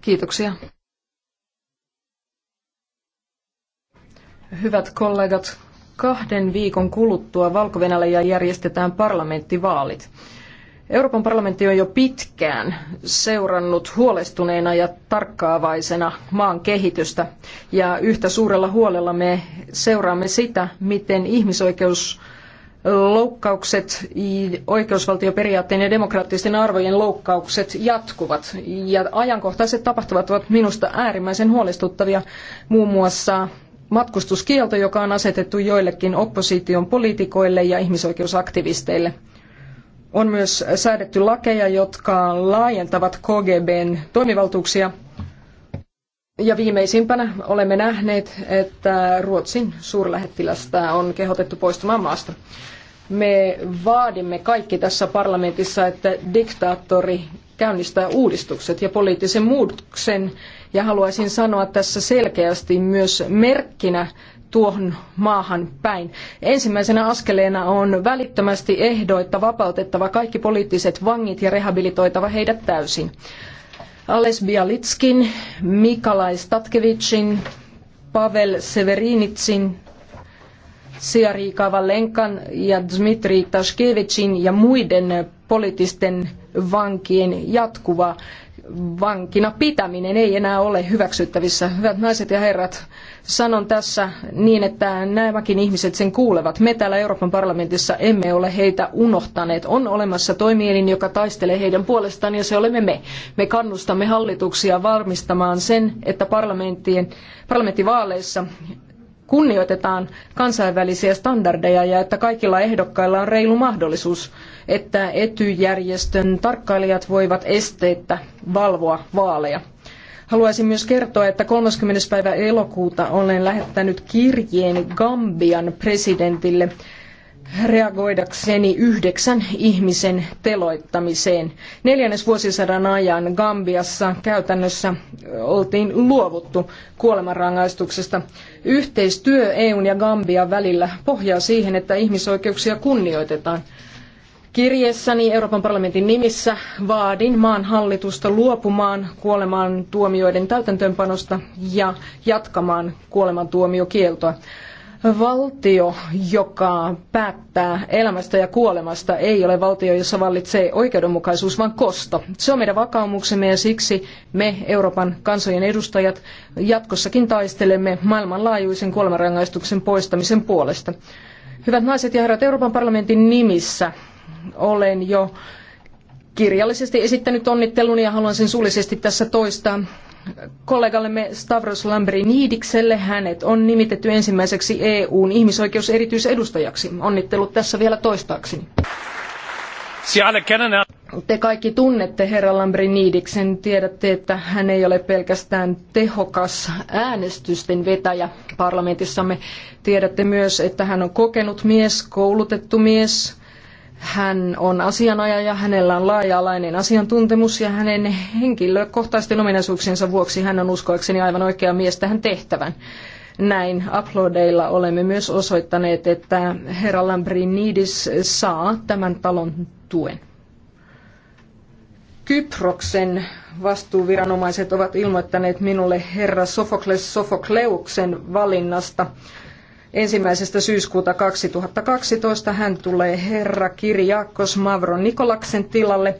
Kiitoksia. Hyvät kollegat, kahden viikon kuluttua valko järjestetään parlamenttivaalit. Euroopan parlamentti on jo pitkään seurannut huolestuneena ja tarkkaavaisena maan kehitystä ja yhtä suurella huolella me seuraamme sitä, miten ihmisoikeus loukkaukset, oikeusvaltioperiaatteen ja demokraattisten arvojen loukkaukset jatkuvat. Ja ajankohtaiset tapahtumat ovat minusta äärimmäisen huolestuttavia, muun muassa matkustuskielto, joka on asetettu joillekin opposition poliitikoille ja ihmisoikeusaktivisteille. On myös säädetty lakeja, jotka laajentavat KGBn toimivaltuuksia ja viimeisimpänä olemme nähneet, että Ruotsin suurlähettilästä on kehotettu poistumaan maasta. Me vaadimme kaikki tässä parlamentissa, että diktaattori käynnistää uudistukset ja poliittisen muutoksen. Ja haluaisin sanoa tässä selkeästi myös merkkinä tuohon maahan päin. Ensimmäisenä askeleena on välittömästi ehdoitta vapautettava kaikki poliittiset vangit ja rehabilitoitava heidät täysin. Ales Bialitskin, Mikalai Statkevicin, Pavel Severinitsin, Siari Kavalenkan ja Dmitri Tashkevicin ja muiden poliittisten vankien jatkuva vankina pitäminen ei enää ole hyväksyttävissä. Hyvät naiset ja herrat, sanon tässä niin, että nämäkin ihmiset sen kuulevat. Me täällä Euroopan parlamentissa emme ole heitä unohtaneet. On olemassa toimielin, joka taistelee heidän puolestaan ja se olemme me. Me kannustamme hallituksia varmistamaan sen, että parlamenttien, parlamenttivaaleissa kunnioitetaan kansainvälisiä standardeja ja että kaikilla ehdokkailla on reilu mahdollisuus, että etyjärjestön tarkkailijat voivat esteettä valvoa vaaleja. Haluaisin myös kertoa, että 30. päivä elokuuta olen lähettänyt kirjeen Gambian presidentille reagoidakseni yhdeksän ihmisen teloittamiseen. Neljännesvuosisadan ajan Gambiassa käytännössä oltiin luovuttu kuolemanrangaistuksesta. Yhteistyö EUn ja Gambian välillä pohjaa siihen, että ihmisoikeuksia kunnioitetaan. Kirjeessäni Euroopan parlamentin nimissä vaadin maan hallitusta luopumaan kuolemantuomioiden täytäntöönpanosta ja jatkamaan kuolemantuomiokieltoa. Valtio, joka päättää elämästä ja kuolemasta, ei ole valtio, jossa vallitsee oikeudenmukaisuus, vaan kosto. Se on meidän vakaumuksemme ja siksi me, Euroopan kansojen edustajat, jatkossakin taistelemme maailmanlaajuisen kuolemanrangaistuksen poistamisen puolesta. Hyvät naiset ja herrat, Euroopan parlamentin nimissä olen jo kirjallisesti esittänyt onnitteluni ja haluan sen suullisesti tässä toistaa kollegallemme Stavros Lambrinidikselle. Hänet on nimitetty ensimmäiseksi EUn ihmisoikeuserityisedustajaksi. Onnittelut tässä vielä toistaakseni. Te kaikki tunnette herra Lambrinidiksen. Tiedätte, että hän ei ole pelkästään tehokas äänestysten vetäjä parlamentissamme. Tiedätte myös, että hän on kokenut mies, koulutettu mies, hän on asianajaja, hänellä on laaja-alainen asiantuntemus ja hänen henkilökohtaisten ominaisuuksiensa vuoksi hän on uskoakseni aivan oikea mies tähän tehtävän. Näin uploadeilla olemme myös osoittaneet, että herra Lambrinidis saa tämän talon tuen. Kyproksen vastuuviranomaiset ovat ilmoittaneet minulle herra Sofokles Sofokleuksen valinnasta ensimmäisestä syyskuuta 2012. Hän tulee herra Kiriakos Mavron Nikolaksen tilalle.